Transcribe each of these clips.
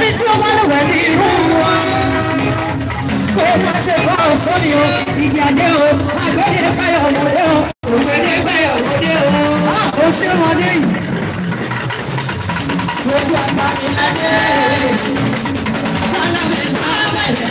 ẹni tí ó wálé wẹ̀ ní irú wọn. kó o máa ṣe bá ọ̀sán ni o ìgbì àdé o àgbẹ̀dẹ báyọ̀ ọ̀mọdé o ògbẹ́dẹ báyọ̀ ọ̀mọdé o. ó ṣe ọmọdé yìí. gbogbo àgbà mi ládé. alábẹ̀ náà bẹ̀rẹ̀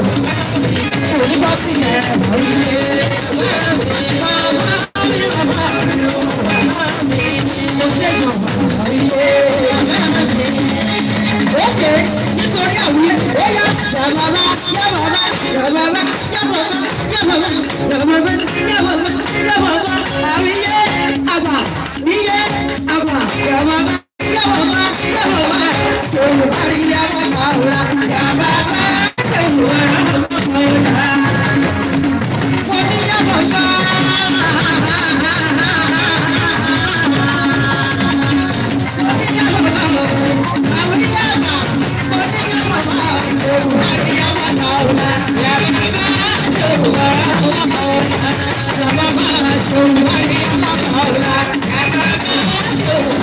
Thank you. I'm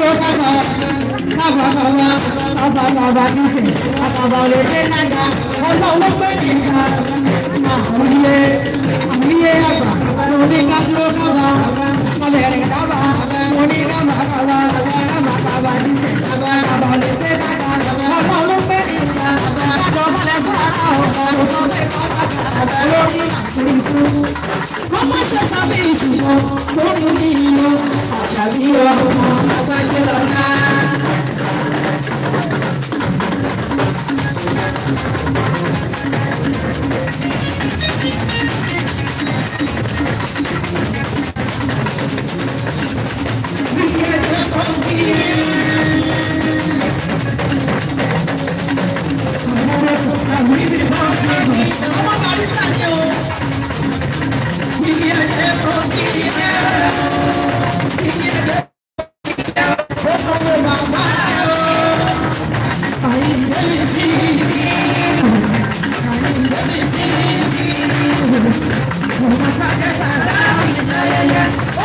gbogbo kábà kábà bàbá kábà bàbá tìṣe àbàbà òrèlè nàgà ọlọ́wọ́ pé nìkan àmúyẹ àmúyẹ àgbà lórí kábà kábà kábẹ̀rẹ̀ kábà lórí kábà kábà kábà bàbá tìṣe àbàbà òrèlè nàgà ọlọ́wọ́ pé nìkan àjọ balẹ̀ fún ara ọ̀.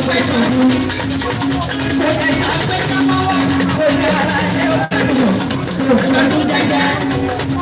Thank you.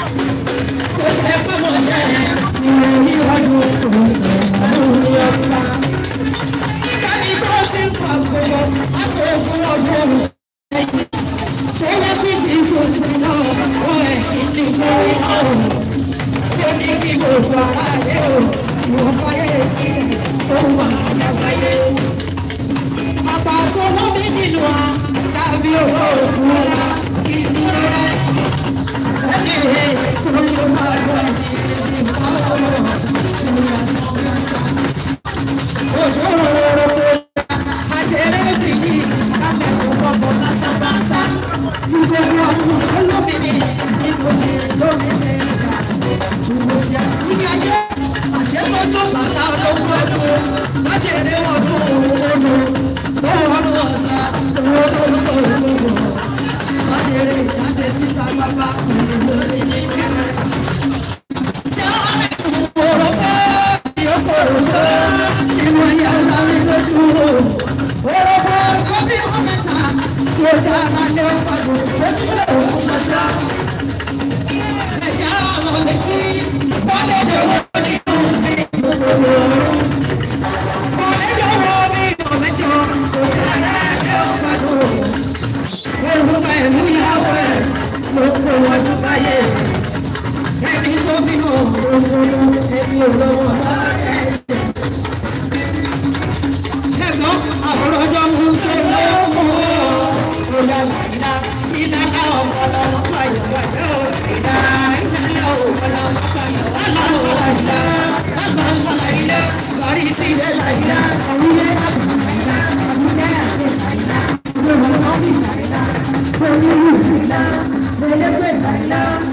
owó mi nínú wa ṣáàbí owó òkú ọ̀la kí ni rẹ̀. Ẹ̀yẹ́ ẹ̀ tó ló máa lọ ní ìpàwọ̀ ìrìnàjò ọ̀gbẹ́sà. Òṣòro owó àṣẹrẹ́ fi ní ìpàlẹ̀ òfòfò lásánbáńsá. Ìgbòho ọdún olómìnir ipò tí lómi ṣe ń kà ìwò ṣe àṣẹ. Àṣẹ tó tó bàtà olówó ọdún májèlé ọdún òun olówó. ọlọ́jọ́ mú sẹ́yìn ọkọ̀ ọ̀yà ìlà ìlànà ọ̀pọ̀lọ́ ọ̀pọ̀lọ́ ìlà ìlànà ọ̀pọ̀lọ́ ọ̀pọ̀lọ́ ìlà ọ̀pọ̀lọ́ ìlà lórí sí ilé ìlà ìlà ìlà ìlà ìlà ìlà ìlà ìlà ìlà